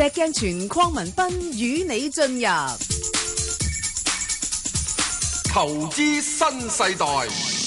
石鏡泉鄺文斌與你進入投資新世代。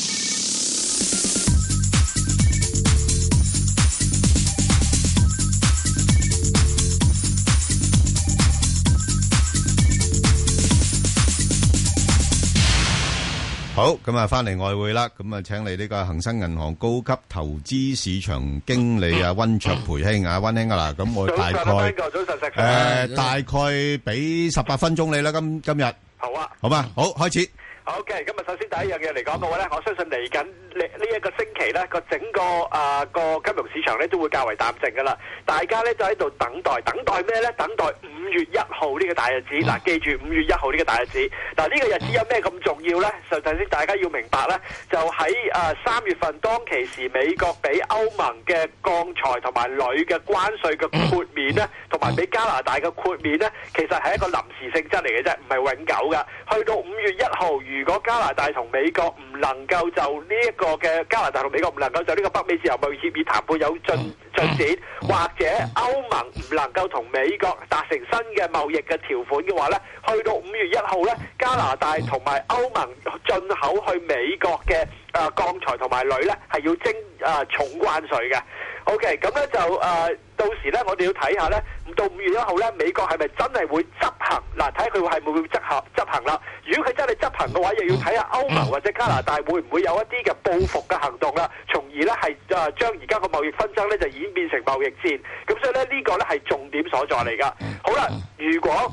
好，咁啊，翻嚟外匯啦，咁啊，請嚟呢個恒生銀行高級投資市場經理啊，溫灼培兄啊，溫兄噶啦，咁我大概，早晨，溫哥，早晨，石成。誒，大概俾十八分鐘你啦，今今日。好啊，好嘛，好，開始。好嘅，今日首先第一樣嘢嚟講，各位咧，我相信嚟緊呢呢一個星期咧，個整個啊個金融市場咧都會較為淡靜噶啦，大家咧都喺度等待，等待咩咧？等待。五月一號呢個大日子，嗱，記住五月一號呢個大日子。嗱，呢個日子有咩咁重要呢？就首先大家要明白呢，就喺誒三月份當其時，美國俾歐盟嘅鋼材同埋鋁嘅關稅嘅豁免呢，同埋俾加拿大嘅豁免呢，其實係一個臨時性質嚟嘅啫，唔係永久噶。去到五月一號，如果加拿大同美國唔能夠就呢、這、一個嘅加拿大同美國唔能夠就呢個北美自由貿易協議談判有進，進展，或者歐盟唔能夠同美國達成新嘅貿易嘅條款嘅話呢，去到五月一號呢，加拿大同埋歐盟進口去美國嘅啊、呃、鋼材同埋鋁呢，係要徵啊、呃、重關稅嘅。OK，咁咧就誒。呃到時咧，我哋要睇下咧，唔到五月一號咧，美國係咪真係會執行？嗱，睇下佢係咪會執行執行啦。如果佢真係執行嘅話，又要睇下歐盟或者加拿大會唔會有一啲嘅報復嘅行動啦，從而咧係將而家嘅貿易紛爭咧就演變成貿易戰。咁所以咧呢個咧係重點所在嚟噶。好啦，如果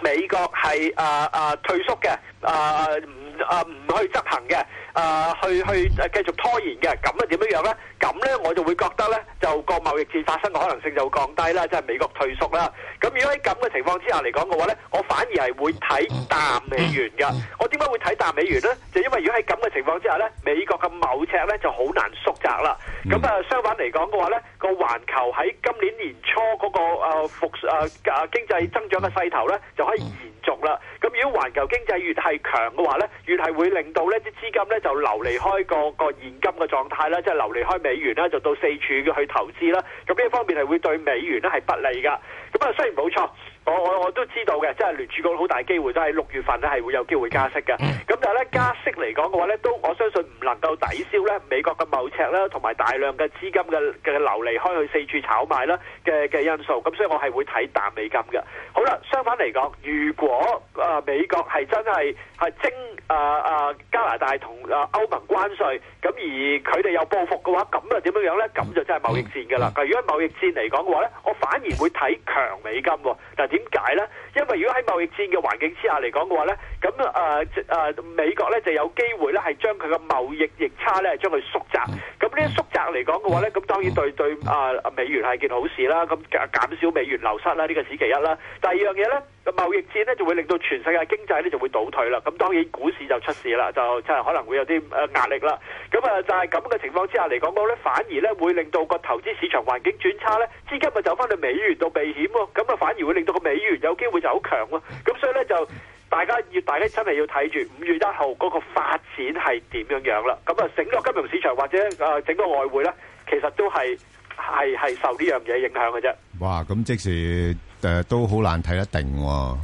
美國係啊、呃呃、退縮嘅啊唔唔去執行嘅。啊，去去繼續拖延嘅，咁咧點樣樣咧？咁咧我就會覺得咧，就個貿易戰發生嘅可能性就降低啦，即係美國退縮啦。咁如果喺咁嘅情況之下嚟講嘅話咧，我反而係會睇淡美元嘅。我點解會睇淡美元咧？就因為如果喺咁嘅情況之下咧，美國嘅貿赤咧就好難縮窄啦。咁啊相反嚟講嘅話咧，個環球喺今年年初嗰個啊復啊啊經濟增長嘅勢頭咧就可以延續啦。咁如果環球經濟越係強嘅話咧，越係會令到咧啲資金咧。就流離開個個現金嘅狀態啦，即係流離開美元啦，就到四處去投資啦。咁呢一方面係會對美元咧係不利噶。咁啊，雖然冇錯。我我我都知道嘅，即係聯儲局好大機會都係六月份係係會有機會加息嘅。咁但係咧加息嚟講嘅話咧，都我相信唔能夠抵消咧美國嘅貿赤啦，同埋大量嘅資金嘅嘅流離開去四處炒賣啦嘅嘅因素。咁所以我係會睇淡美金嘅。好啦，相反嚟講，如果啊、呃、美國係真係係徵啊啊加拿大同啊、呃、歐盟關稅，咁而佢哋有報復嘅話，咁又點樣就樣咧？咁就真係貿易戰嘅啦、嗯嗯嗯。如果貿易戰嚟講嘅話咧，我反而會睇強美金喎。但係點？點解呢？因為如果喺貿易戰嘅環境之下嚟講嘅話呢，咁誒誒，美國呢就有機會呢係將佢嘅貿易逆差呢，將佢縮窄。咁呢啲縮窄嚟講嘅話呢，咁當然對對誒、呃、美元，係件好事啦。咁減少美元流失啦，呢、呢個此其一啦。第二樣嘢呢？個貿易戰咧就會令到全世界的經濟咧就會倒退啦，咁當然股市就出事啦，就即係可能會有啲誒壓力啦。咁啊就係咁嘅情況之下嚟講講咧，反而咧會令到個投資市場環境轉差咧，資金咪走翻去美元度避險喎，咁啊反而會令到個美，美元有機會就好強咯。咁所以咧就大家要大家真係要睇住五月一號嗰個發展係點樣樣啦。咁啊整個金融市場或者誒整個外匯咧，其實都係係係受呢樣嘢影響嘅啫。哇！咁即時。誒，都好難睇得定，誒，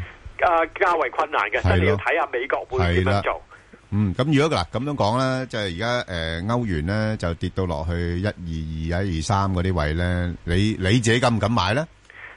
較為困難嘅，真係要睇下美國會點樣做。嗯，咁如果嗱咁樣講咧，即係而家誒，歐元咧就跌到落去一二二啊，一二三嗰啲位咧，你你自己敢唔敢買咧？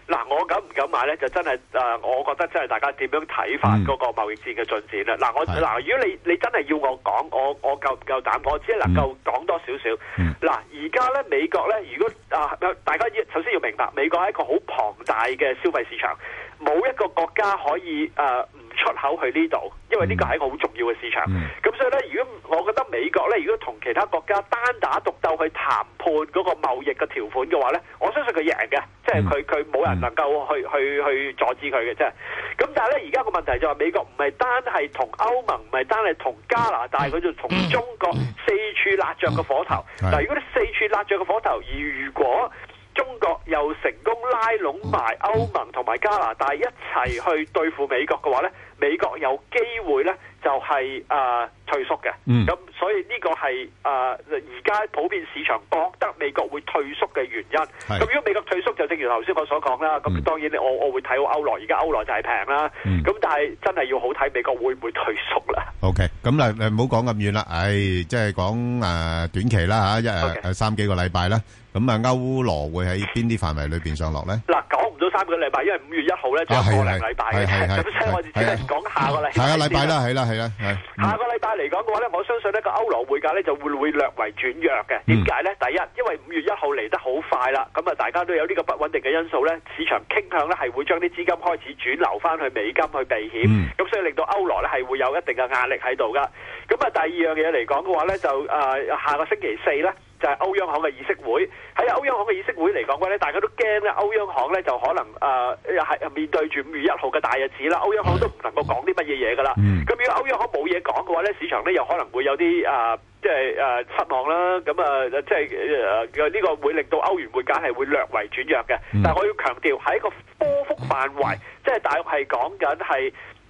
嗱，我敢唔敢買呢？就真係誒、呃，我覺得真係大家點樣睇法嗰個貿易戰嘅進展、嗯、啦。嗱，我嗱，如果你你真係要我講，我我夠唔夠膽？我只係能夠講多少少。嗱、嗯，而家呢，美國呢，如果啊、呃，大家首先要明白，美國係一個好龐大嘅消費市場，冇一個國家可以誒、呃出口去呢度，因為呢個係一個好重要嘅市場。咁、嗯、所以咧，如果我覺得美國咧，如果同其他國家單打獨鬥去談判嗰個貿易嘅條款嘅話咧，我相信佢贏嘅、嗯，即係佢佢冇人能夠去、嗯、去去，去阻止佢嘅，即係。咁但係咧，而家個問題就係美國唔係單係同歐盟，唔係單係同加拿大，佢、嗯、就同中國四處蠟著個火頭。嗱、嗯嗯，如果你四處蠟著個火頭，而如果中國又成功拉攏埋歐盟同埋加拿大一齊去對付美國嘅話咧？美國有機會咧、就是，就係啊退縮嘅。咁、嗯、所以呢個係啊而家普遍市場覺得美國會退縮嘅原因。咁如果美國退縮，就正如頭先我所講啦。咁當然我、嗯，我我會睇好歐羅，而家歐羅就係平啦。咁、嗯、但係真係要好睇美國會唔會退縮啦？OK，咁嗱，唔、哎、好、就是、講咁遠啦。即係講誒短期啦嚇，一三幾個禮拜啦。咁啊，歐羅會喺邊啲範圍裏面上落咧？嗱。三個禮拜，因為五月一號咧就過兩禮拜嘅，咁、啊、所以我哋只能講下個禮拜。係啊，禮拜啦，係啦，係啦。下個禮拜嚟講嘅話咧，我相信呢個歐羅匯價咧就會會略為轉弱嘅。點解咧？第一，因為五月一號嚟得好快啦，咁啊大家都有呢個不穩定嘅因素咧，市場傾向咧係會將啲資金開始轉流翻去美金去避險，咁所以令到歐羅咧係會有一定嘅壓力喺度噶。咁啊，第二樣嘢嚟講嘅話咧，就誒、呃、下個星期四咧。就係、是、歐央行嘅議息會喺，歐央行嘅議息會嚟講嘅話咧，大家都驚咧歐央行咧就可能誒係、呃、面對住五月一號嘅大日子啦，歐央行都唔能夠講啲乜嘢嘢噶啦。咁、嗯、如果歐央行冇嘢講嘅話咧，市場咧又可能會有啲誒、呃、即係誒失望啦。咁、呃、啊即係誒呢個會令到歐元匯價係會略為轉弱嘅。但係我要強調喺一個波幅範圍，即係大約係講緊係。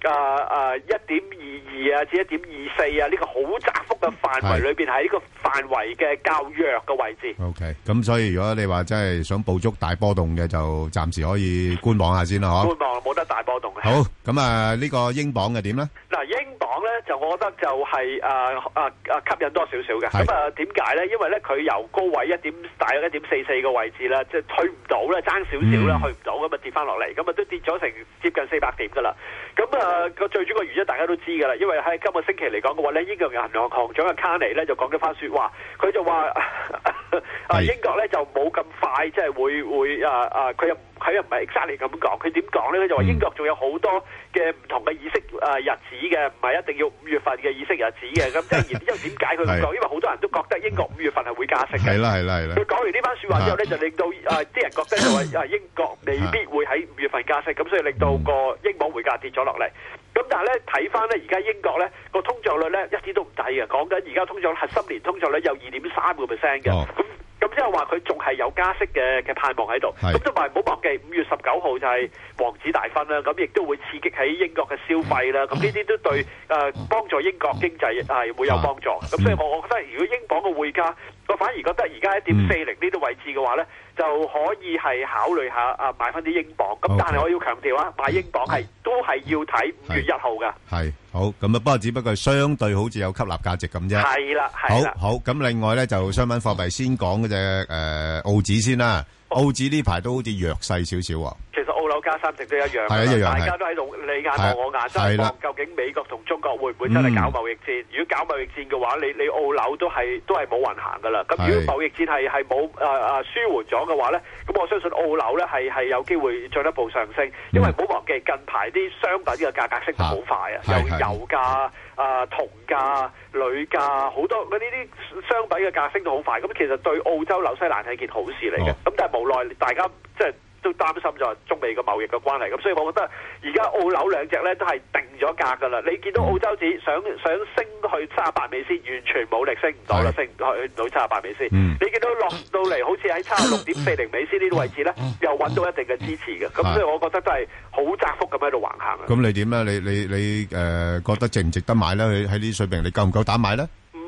誒誒，一點二二啊，至一點二四啊，呢個好窄幅嘅範圍裏邊，喺呢個範圍嘅較弱嘅位置。OK，咁所以如果你話真係想捕捉大波動嘅，就暫時可以觀望下先啦，吓。觀望冇得大波動嘅。好，咁啊，呢個英鎊嘅點咧？嗱，英鎊。咧、嗯、就，我覺得就係誒誒誒吸引多少少嘅。咁啊點解咧？因為咧佢由高位一點大約一點四四嘅位置咧，即係退唔到咧，爭少少啦，去唔到，咁啊跌翻落嚟，咁啊都跌咗成接近四百點㗎啦。咁啊個最主要個原因大家都知㗎啦，因為喺今個星期嚟講嘅話咧，英國銀行行長阿卡尼咧就講咗番説話，佢就話，嗯 啊！英國咧就冇咁快，即係會會啊、啊、佢又佢又唔係 exactly 咁講，佢點講咧？佢就話英國仲有好多嘅唔同嘅意、啊、意識日子嘅，唔係一定要五月份嘅意識日子嘅。咁即係因為點解佢唔講？因為好多人都覺得英國五月份係會加息嘅。係啦係啦係啦！佢講完呢番説話之後咧，就令到啊啲人覺得就係啊英國未必會喺五月份加息，咁所以令到個英鎊匯價跌咗落嚟。咁但係咧睇翻咧，而家英國咧個通脹率咧一啲都唔低嘅，講緊而家通脹核心年通脹率有二點三個 percent 嘅，咁咁即係話佢仲係有加息嘅嘅盼望喺度。咁同埋唔好忘記五月十九號就係王子大婚啦，咁亦都會刺激喺英國嘅消費啦。咁呢啲都對誒、呃、幫助英國經濟係會有幫助。咁、啊、所以我覺得如果英鎊嘅匯價，我反而覺得而家一點四零呢啲位置嘅話咧，嗯，就可以係考慮一下啊買翻啲英鎊。咁、okay. 但係我要強調啊，買英鎊係都係要睇五月一號㗎。係好咁啊，不過只不過相對好似有吸納價值咁啫。係啦，好好咁，咁另外咧就商品貨幣先講嗰隻誒澳紙先啦。澳紙呢排都好似弱勢少少啊。其實樓加三成都一樣，係一樣，大家都喺度你眼望我眼，爭望、就是、究竟美國同中國會唔會真係搞貿易戰，嗯？如果搞貿易戰嘅話，你你澳樓都係都係冇運行噶啦。咁如果貿易戰係係冇啊啊舒緩咗嘅話咧，咁我相信澳樓咧係係有機會進一步上升，嗯、因為唔好忘記近排啲商品嘅價格升得好快啊，有油價啊、銅、呃、價、鋁價好多嗰啲啲商品嘅價升得好快。咁其實對澳洲紐西蘭係件好事嚟嘅，咁、哦、但係無奈大家即係。都擔心咗中美嘅貿易嘅關係，咁所以我覺得而家澳紐兩隻咧都係定咗價噶啦。你見到澳洲紙想想升去七十八美仙，完全冇力，升唔到啦，升唔去到七十八美仙，嗯、你見到落到嚟，好似喺七十六點四零美仙呢啲位置咧，又搵到一定嘅支持嘅。咁所以我覺得都係好窄幅咁喺度橫行。咁你點咧？你你你誒、呃、覺得值唔值得買咧？喺呢啲水平，你夠唔夠膽買咧？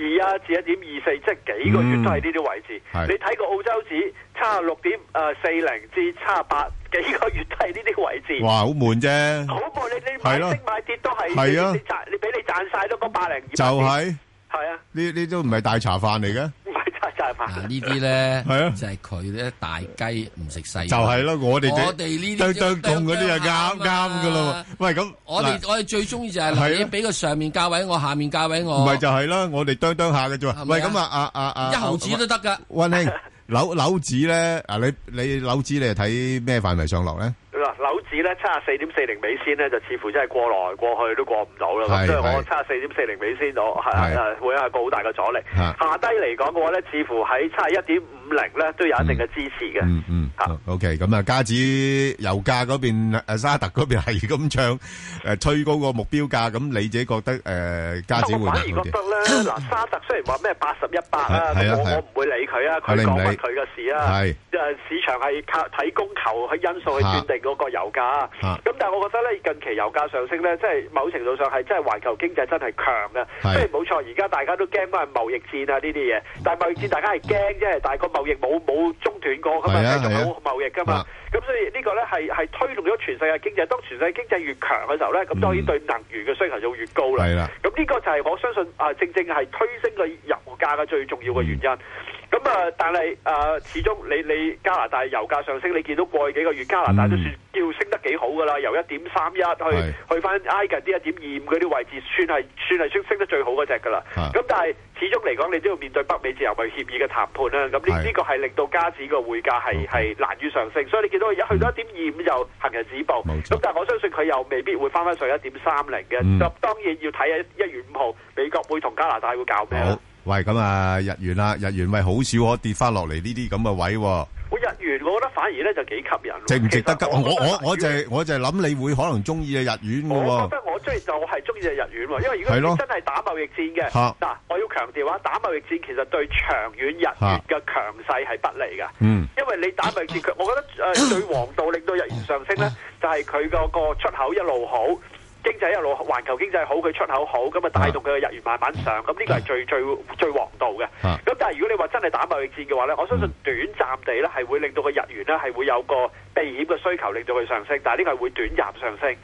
二一至一點二四，即係幾個月都係呢啲位置。你睇個澳洲紙差六點誒四零至差八，幾個月都係呢啲位置。哇，好悶啫！好悶，你你買升買跌都係係啊，你賺你俾你賺晒都嗰百零。二就係係啊，呢呢都唔係大茶飯嚟嘅。就呢啲咧，啊，就係佢咧大雞唔食細，就係、是、咯。我哋我哋呢啲中中共嗰啲就啱啱噶咯。喂，咁我哋我哋最中意就係你俾個上面價位我，啊、下面價位我。唔係就係啦，我哋哚哚下嘅啫、啊。喂，咁啊啊啊啊！一毫子都得噶，溫兄，扭扭子咧啊！柳柳呢你你扭子你係睇咩範圍上落咧？樓指咧七十四點四零美仙呢，就似乎真係過來過去都過唔到啦。所以我七十四點四零美仙度係啊，會係個好大嘅阻力。下低嚟講嘅話咧，似乎喺七十一點五零咧都有一定嘅支持嘅。嗯 OK，咁、嗯嗯、啊，加、okay, 嗯、指油價嗰邊，沙特嗰邊係咁唱誒、呃、推高個目標價。咁你自己覺得誒加、呃、指會唔反而覺得咧，嗱、啊，沙特雖然話咩八十一百啦、啊啊啊，我我唔會理佢啊，佢講乜佢嘅事啊。係。就、啊、市場係靠睇供求去因素去決定嗰、那個。油價咁，但係我覺得咧，近期油價上升咧，即係某程度上係即係環球經濟真係強嘅，即係冇錯。而家大家都驚都係貿易戰啊呢啲嘢，但貿易戰大家係驚啫，但個貿易冇冇中斷過噶嘛，仲有貿易噶嘛，咁、啊啊、所以呢個咧係係推動咗全世界經濟。當全世界經濟越強嘅時候咧，咁、嗯、當然對能源嘅需求就越高啦。咁呢、啊、個就係我相信啊，正正係推升個油價嘅最重要嘅原因。咁、嗯、啊，但係啊、呃，始終你你加拿大油價上升，你見到過去幾個月加拿大都算叫升得幾好噶啦，嗯，由一點三一去去翻挨近啲一點二五嗰啲位置，算係算係升升得最好嗰隻噶啦。咁但係始終嚟講，你都要面對北美自由貿易協議嘅談判啦。咁呢呢個係、這個、令到加紙個匯價係係、okay, 難於上升，所以你見到而家去到一點二五又行人止步。咁但係我相信佢又未必會翻翻上一點三零嘅。咁、嗯、當然要睇下一月五號美國會同加拿大會搞咩喂，咁啊，日元啦、啊，日元喂，好少可，跌翻落嚟呢啲咁嘅位。我日元，我覺得反而咧就幾吸引。值唔值得？急？我我我，我，我就是、我就諗你會可能中意啊日元嘅。我覺得我中意就係中意日元，因為如果真係打貿易戰嘅嗱、啊，我要強調話打貿易戰其實對長遠日元嘅強勢係不利嘅。嗯。因為你打貿易戰，啊、我覺得誒最王道令到日元上升咧、啊，就係佢嗰個出口一路好。經濟一路環球經濟好，佢出口好，咁啊帶動佢嘅日元慢慢上，咁呢個係最 最最王道嘅。咁 但係如果你話真係打貿易戰嘅話呢，我相信短暫地呢係會令到個日元呢係會有個避險嘅需求，令到佢上升，但係呢個係會短暫上升。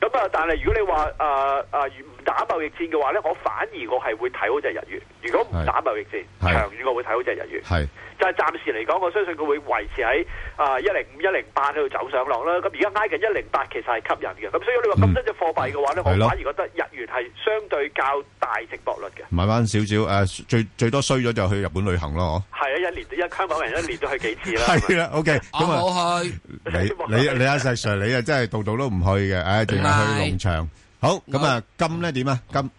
咁 啊，但係如果你話誒誒，呃呃呃打貿易戰嘅話咧，我反而我係會睇好隻日元。如果唔打貿易戰，長遠我會睇好隻日元。係，就係、是、暫時嚟講，我相信佢會維持喺啊一零五一零八喺度走上落啦。咁而家挨近一零八其實係吸引嘅。咁所以你話咁多隻貨幣嘅話咧、嗯，我反而覺得日元係相對較大值博率嘅。買返少少誒，最最多衰咗就去日本旅行咯。嗬。係啊，一年一香港人一年都去幾次啦。係 啦，OK、啊。咁、啊、我你你 你阿、啊、Sir 你真的啊真係度度都唔去嘅，唉，淨係去農場。好，咁啊金咧點啊金？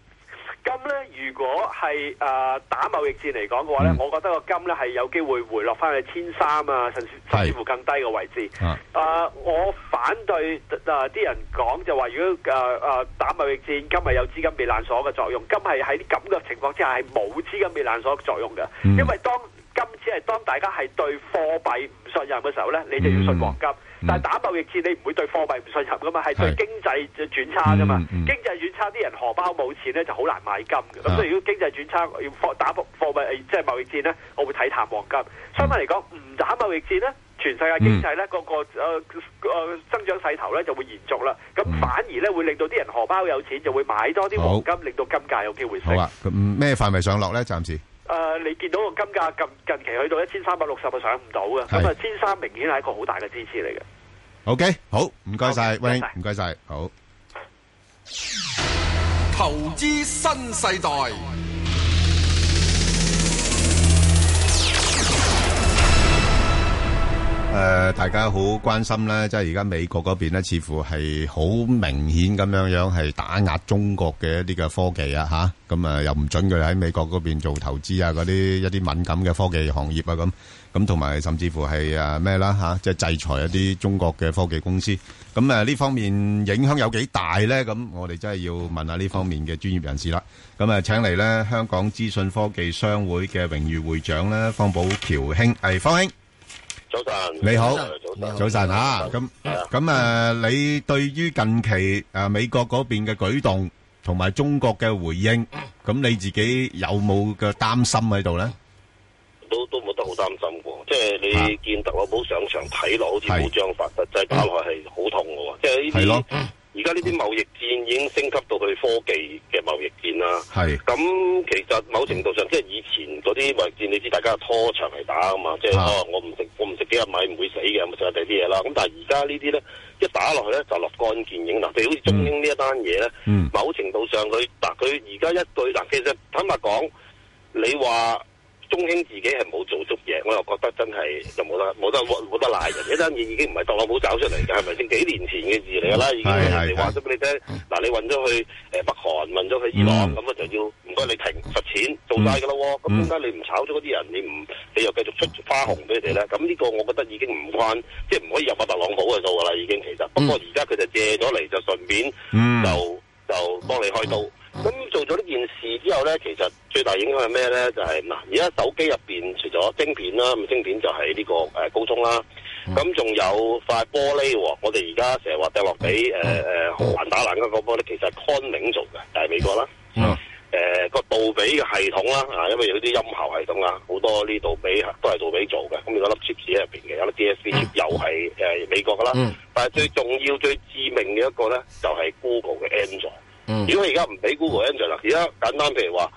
金咧如果係誒、呃、打貿易戰嚟講嘅話咧、嗯，我覺得個金咧係有機會回落翻去千三啊，甚至甚至乎更低嘅位置。誒、啊呃，我反對誒啲、呃、人講就話如果誒誒、呃呃、打貿易戰，今日有資金避難所嘅作用，今日喺啲咁嘅情況之下係冇資金避難所嘅作用嘅、嗯，因為當。金只係當大家係對貨幣唔信任嘅時候咧，你就要信黃金。嗯嗯、但係打貿易戰你唔會對貨幣唔信任噶嘛，係對經濟轉差噶嘛。經濟轉差啲人荷包冇錢咧，就好難買金嘅。咁、啊、所以如果經濟轉差要打貨幣即係貿易戰咧，我會睇淡黃金。相反嚟講，唔、嗯、打貿易戰咧，全世界經濟咧，嗯、各個誒誒增長勢頭咧就會延續啦。咁反而咧會令到啲人荷包有錢，就會買多啲黃金，令到金價有機會升。好啊，咁咩範圍上落咧？暫時。誒、呃，你見到個金價近近期去到一千三百六十啊，上唔到嘅，咁啊，千三明顯係一個好大嘅支持嚟嘅。O、okay, K，好，唔該晒，威、okay，唔該晒。好。投資新世代。誒，大家好關心呢，即係而家美國嗰邊呢，似乎係好明顯咁樣樣，係打壓中國嘅一啲嘅科技啊，吓咁啊，又唔准佢喺美國嗰邊做投資啊，嗰啲一啲敏感嘅科技行業啊，咁咁同埋甚至乎係啊咩啦吓，即係制裁一啲中國嘅科技公司。咁誒，呢方面影響有幾大呢？咁我哋真係要問下呢方面嘅專業人士啦。咁啊，請嚟呢香港資訊科技商會嘅榮譽會長呢，方保僑兄，誒，方兄。早晨，你好，早晨啊，咁咁誒，你對於近期誒美國嗰邊嘅舉動同埋中國嘅回應，咁你自己有冇嘅擔心喺度咧？都都冇得好擔心嘅，即係你見特朗普上場睇落好似冇章法，實際打落係好痛嘅喎。即係呢啲而家呢啲貿易戰已經升級到去科技嘅貿易戰啦。係咁，其實某程度上即係以前嗰啲貿易戰，你知大家拖長嚟打啊嘛，即係我我唔識。幾十米唔會死嘅，咁就係啲嘢啦。咁但係而家呢啲咧，一打落去咧就立竿見影啦。譬如好似中英呢一單嘢咧，某程度上佢嗱佢而家一句嗱，其實坦白講，你話。中興自己係冇做足嘢，我又覺得真係就冇得冇得冇得賴人，呢單嘢已經唔係特朗普找出嚟嘅，係咪先？幾年前嘅事嚟㗎啦，已經係話咗俾你聽。嗱， 你運咗去誒北韓，運咗去伊朗，咁、嗯、啊就要唔該你停罰錢，做晒㗎咯。咁點解你唔炒咗嗰啲人？你唔你又繼續出花紅俾佢哋咧？咁呢個我覺得已經唔關即係唔可以入翻特朗普嘅數㗎啦。已經其實，不過而家佢就借咗嚟，就順便就就幫你開刀。嗯嗯嗯咁做咗呢件事之後咧，其實最大影響係咩咧？就係、是、嗱，而、啊、家手機入面除咗晶片啦，咁晶片就係呢、這個、呃、高通啦。咁、嗯、仲有塊玻璃，我哋而家成日話掉落俾誒還打爛嗰個玻璃，其實康寧做嘅，係、就是、美國啦。誒、嗯呃那個杜比嘅系統啦，啊，因為有啲音效系統啊，好多呢度比都係杜比做嘅。咁如果粒 chipset 喺入面嘅有粒 DSP，又係、呃、美國啦。嗯、但係最重要、嗯、最致命嘅一個咧，就係、是、Google 嘅 Android。嗯、如果而家唔俾 Google Android 啦，而家簡單譬如話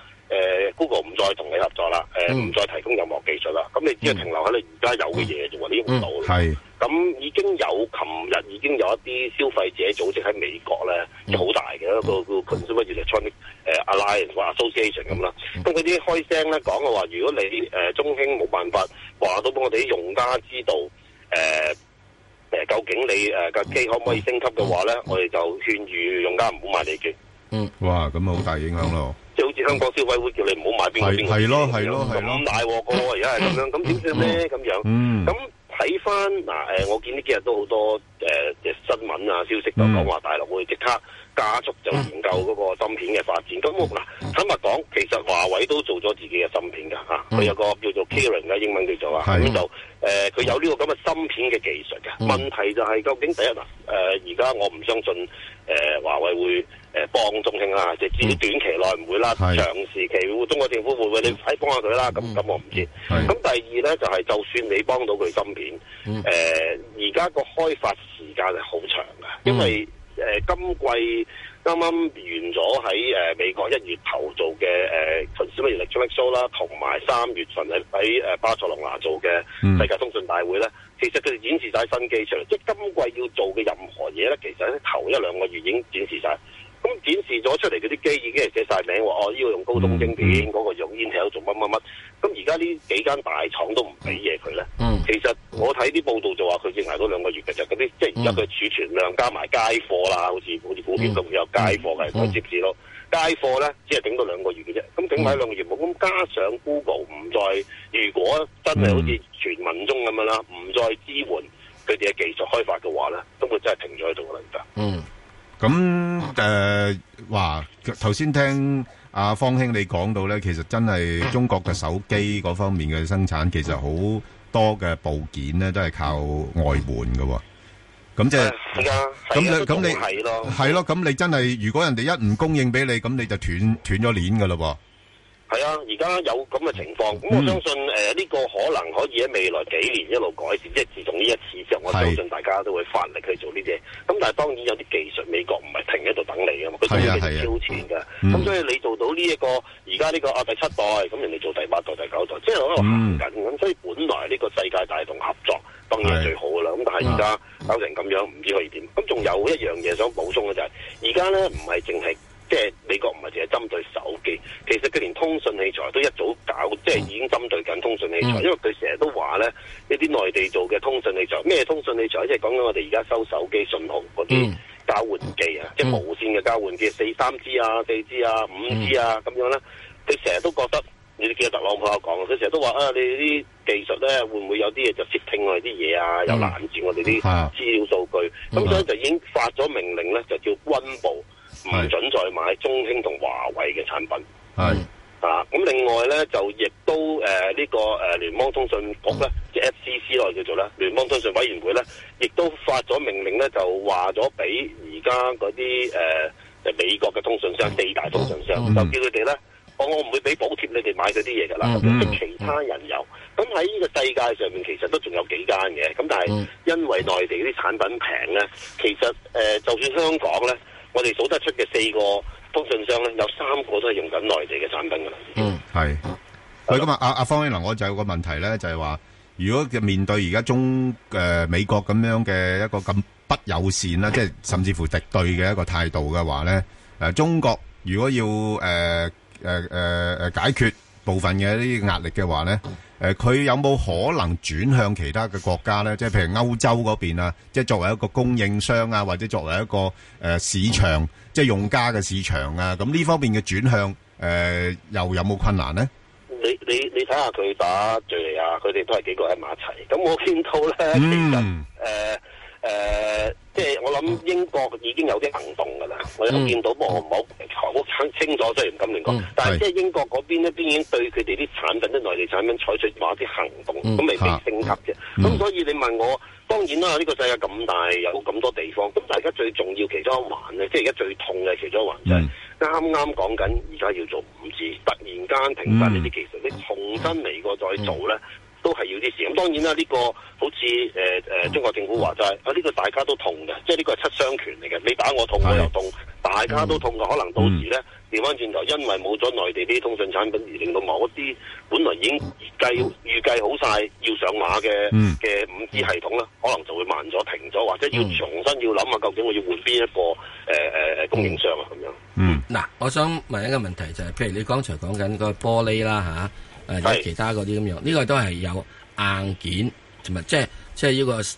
，Google 唔再同你合作啦，唔、呃嗯、再提供任何技術啦，咁你只係停留喺你而家有嘅嘢做，喎、嗯，呢唔到。路、嗯。咁、嗯、已經有，琴日已經有一啲消費者組織喺美國咧，好、嗯、大嘅一、嗯那個叫 Consumer Action Alliance 或 Association 咁、嗯、啦，咁佢啲開聲咧講嘅話，如果你、呃、中興冇辦法話到幫我哋啲用家知道、呃誒，究竟你誒架機可唔可以升級嘅話咧？我哋就勸喻用家唔好買你機。嗯，哇，咁啊，好大影響咯！即係好似香港消委會叫你唔好買邊個邊係係咯係咯係咁大鑊喎，而家係咁樣，咁點算咧？咁樣，嗯，咁睇翻嗱誒，我見呢幾日都好多誒嘅、呃、新聞啊，消息都講話大陸會即刻。家族就研究嗰個芯片嘅發展。咁我嗱，坦白講，其實華為都做咗自己嘅芯片噶嚇。佢、嗯、有個叫做 Kirin 嘅英文叫做啊，咁、嗯、就誒，佢、呃、有呢個咁嘅芯片嘅技術嘅、嗯。問題就係、是、究竟第一啊，誒、呃，而家我唔相信誒、呃、華為會誒、呃、幫中興啦，即係至少短期內唔會啦。長、嗯、時期，中國政府會唔會、嗯、你睇幫下佢啦？咁、嗯、咁我唔知。咁、嗯嗯、第二咧就係、是，就算你幫到佢芯片，誒而家個開發時間係好長嘅，因為誒、呃、今季啱啱完咗喺誒美國一月頭做嘅誒 Consumer Electronics Show 啦，同埋三月份喺喺誒巴塞隆那做嘅世界通信大會咧、嗯，其實佢哋展示晒新機出嚟，即係今季要做嘅任何嘢咧，其實頭一兩個月已經展示晒。咁展示咗出嚟嗰啲機已經係寫晒名，話哦，呢、呢個用高通晶片，嗰、嗯嗰個用 Intel 做乜乜乜。咁而家呢幾間大廠都唔俾嘢佢咧。其實我睇啲報道就話佢正挨多兩個月嘅，就嗰啲即係而家佢儲存量、嗯、加埋街貨啦，好似好似股票都會有街貨嘅，都截止咯。街貨咧只係頂多兩個月嘅啫，咁頂埋兩個月冇，咁加上 Google 唔再，如果真係好似傳聞中咁樣啦，唔、嗯、再支援佢哋嘅技術開發嘅話咧，咁佢真係停咗喺度㗎啦而家。嗯咁誒話頭先聽阿方兄你講到咧，其實真係中國嘅手機嗰方面嘅生產，其實好多嘅部件咧都係靠外援㗎喎。咁即係，咁、啊、你咁你係咯，係咯。咁你真係如果人哋一唔供應俾你，咁你就斷斷咗鏈㗎嘞喎。係啊，而家有咁嘅情況，咁我相信呢、嗯呃呢個可能可以喺未來幾年一路改善，即、就、係、是、自從呢一次之後，我相信大家都會發力去做呢啲嘢。咁、啊、但係當然有啲技術，美國唔係停喺度等你嘛，佢都係超前嘅。咁、啊啊、所以你做到呢、這、一個而家呢個啊第七代，咁人哋做第八代、第九代，即係喺度行緊。咁、嗯、所以本來呢個世界大同合作當然係最好嘅啦。咁、啊、但係而家搞成咁樣，唔知可以點？咁仲有一樣嘢想補充嘅就係、是，而家咧唔係淨係即係美國唔係淨係針對。其實佢連通訊器材都一早搞，即、就、係、是、已經針對緊通訊器材，嗯、因為佢成日都話咧，呢啲內地做嘅通訊器材，咩通訊器材，即係講緊我哋而家收手機信號嗰啲交換機、嗯嗯、啊，即係無線嘅交換機，四三 G 啊、四 G 啊、五 G 啊咁樣咧。佢成日都覺得，你都記得特朗普有講，佢成日都話啊，你啲技術咧會唔會有啲嘢就竊聽我哋啲嘢啊，又攔截我哋啲資料數據。咁、嗯嗯、所以就已經發咗命令咧，就叫軍部唔准再買中興同華為嘅產品。係、嗯、啊，咁另外咧就亦都誒、呃這個呃、呢個誒聯邦通訊局咧，即係 FCC 內叫做咧聯邦通訊委員會咧，亦都發咗命令咧，就話咗俾而家嗰啲誒美國嘅通訊商，四、嗯、大通訊商、嗯，就叫佢哋咧，我我唔會俾補貼你哋買嗰啲嘢噶啦，俾、嗯、其他人有。咁喺呢個世界上面，其實都仲有幾間嘅。咁但係因為內地啲產品平咧，其實誒就算香港咧，我哋數得出嘅四個。封信箱咧，有三個都係用緊內地嘅產品噶。嗯，係。佢咁啊，阿阿方威嗱，我就有個問題咧，就係、是、話，如果面對而家中誒、呃、美國咁樣嘅一個咁不友善啦，即係、就是、甚至乎敵對嘅一個態度嘅話咧，誒、呃、中國如果要誒誒誒誒解決部分嘅一啲壓力嘅話咧，誒佢有冇可能轉向其他嘅國家咧？即係譬如歐洲嗰邊啊，即係作為一個供應商啊，或者作為一個誒市場，即係用家嘅市場啊，咁呢方面嘅轉向誒又有冇困難咧？你你你睇下佢打敍利亞，佢哋都係幾個喺埋一齊。咁我見到咧，其實誒。誒、呃，即係我諗英國已經有啲行動噶啦、嗯，我有見到，我唔好清楚，嗯、雖然唔敢亂講、嗯。但係即係英國嗰邊已經對佢哋啲產品，啲內地產品採取某啲行動，咁、嗯、未必升級嘅。咁、嗯、所以你問我，當然啦，呢、這個世界咁大，有咁多地方。咁大家最重要其中一環咧，即係而家最痛嘅其中一環就係啱啱講緊，而家要做五 G，突然間停翻呢啲技術，你重新嚟過再做咧。嗯都係要啲事咁，當然啦，呢、這個好似誒中國政府話齋，啊呢、這個大家都痛嘅，即係呢個七傷拳嚟嘅，你打我痛，我又痛，大家都痛嘅，可能到時咧調翻轉頭，嗯、因為冇咗內地啲通訊產品而令到某一啲本來已經計預計好晒要上馬嘅嘅五 G 系統啦，可能就會慢咗、停咗，或者要重新要諗下究竟我要換邊一個誒、呃、供應商啊咁樣。嗯，嗱、嗯，我想問一個問題就係、是，譬如你剛才講緊個個玻璃啦、啊或者其他嗰啲咁樣，呢、這個都係有硬件同埋即係即係呢個誒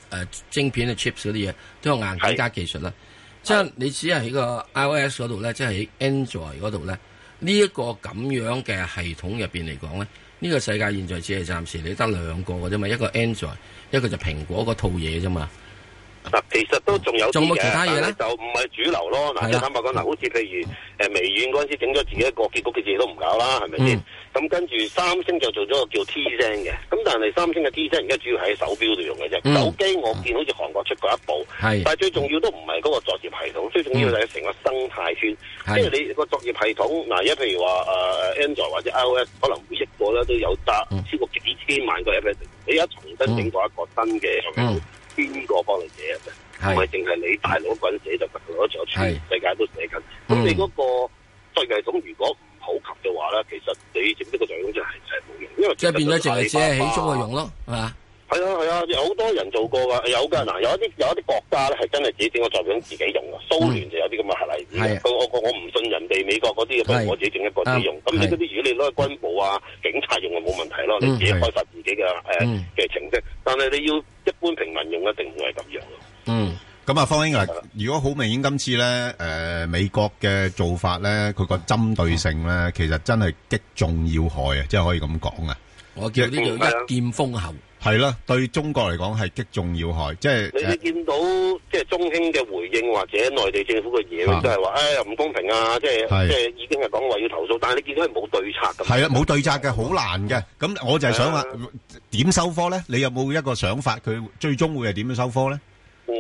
晶片嘅 chips 嗰啲嘢，都有硬件加技術啦。即係、就是、你只係喺個 iOS 嗰度咧，即係喺 Android 嗰度咧，呢、這、一個咁樣嘅系統入邊嚟講咧，呢、這個世界現在只係暫時你得兩個嘅啫嘛，一個 Android，一個就蘋果嗰套嘢啫嘛。嗱，其實都仲有啲嘅，有有其他嘢呢就唔係主流咯。嗱，坦白講，嗱，好似譬如微軟嗰陣時整咗自己一個，結局，佢自己都唔搞啦，係咪先？咁跟住三星就做咗個叫 Tizen 嘅，咁但係三星嘅 Tizen 而家主要喺手錶度用嘅啫、嗯。手機我見好似韓國出過一部，但係最重要都唔係嗰個作業系統，最重要就係成個生態圈。即係、就是、你個作業系統，嗱，一譬如話 Android 或者 iOS，可能每一個咧都有得超過幾千萬個 a p p 你而家重新整過一個新嘅。嗯嗯。邊個幫你寫嘅？係咪淨係你大佬一個人寫就，我坐全世界都寫緊。咁你嗰個系統如果唔普及嘅話咧，其實你整呢個作業系統就真係冇用，因為即係變咗淨係只起初個用咯，係嘛？係啊，係啊，有好多人做過噶，有噶嗱，有一啲有一啲國家咧係真係自己整，我就想自己用噶。蘇聯就有啲咁嘅例子。我我唔信人哋美國嗰啲，不如我自己整一個自，己自，己自，己自己用。咁、嗯嗯、你嗰、就、啲、是啊啊、如果你攞去軍部啊、警察用啊，冇問題咯。你自己開發自己嘅誒嘅程式，但係你要一般平民用，一定唔會係咁樣咯。嗯，咁、嗯、啊，那方兄啊，如果好明顯今次咧、誒、呃，美國嘅做法咧，佢個針對性咧、嗯，其實真係擊中要害啊，即、就、係、是、可以咁講啊。我叫呢叫一劍封喉。係啦，對中國嚟講係擊中要害，即係你你見到即係中興嘅回應或者內地政府嘅嘢，佢都係話誒，唔公平啊，即係即係已經係講話要投訴，但係你見到係冇對策咁。係啊，冇對策嘅，好難嘅。咁我就係想問，點收科咧？你有冇一個想法？佢最終會係點樣收科咧？我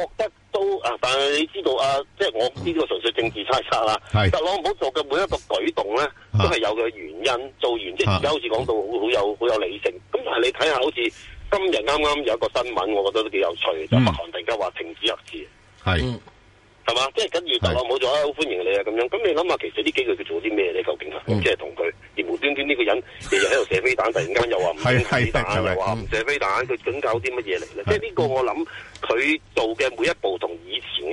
覺得。都啊，但係你知道啊，即、就、係、是、我呢個純粹政治猜測啦。係特朗普做嘅每一個舉動咧，都係有佢嘅原因。啊、做完即而家好似講到好好有好、啊、有理性。咁但係你睇下，好似今日啱啱有一個新聞，我覺得都幾有趣，就、嗯、北韓突然間話停止入資。係。嗯係嘛？即係跟住大佬冇咗啦，好歡迎你啊咁樣。咁你諗下，其實呢幾句佢做啲咩咧？你究竟、嗯、即係同佢而無端端呢個人日日喺度射飛彈，突然間又話唔射飛彈，又話唔射飛彈，佢、嗯、想搞啲乜嘢嚟咧？即係呢個我諗佢做嘅每一步同。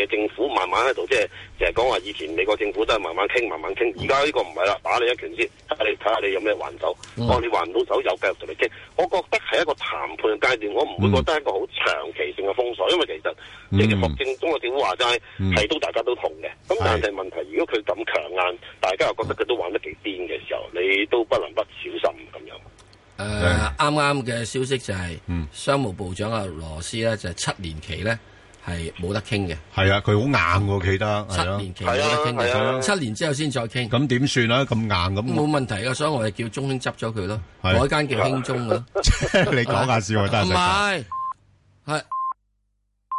政府慢慢喺度，即係成日講話以前美國政府都係慢慢傾、慢慢傾，而家呢個唔係啦，打你一拳先，睇下你睇下你有咩還手。哦、嗯，我你還唔到手，又繼續同你傾。我覺得係一個談判嘅階段，我唔會覺得係一個好長期性嘅封鎖、嗯，因為其實美、嗯、國政中國政府話齋係都大家都同嘅。咁但係問題，如果佢咁強硬，大家又覺得佢都玩得幾癲嘅時候，你都不能不小心咁樣。誒、呃，啱啱嘅消息就係、是嗯、商務部長阿、啊、羅斯咧，就係、是、七年期咧。係冇得傾嘅，係啊，佢好硬喎，企得七年期冇得傾嘅，七年之後先再傾。咁點算啊？咁硬咁冇問題啊，所以我哋叫中興執咗佢咯，改間叫興中咯。你講下先，我真係唔係係。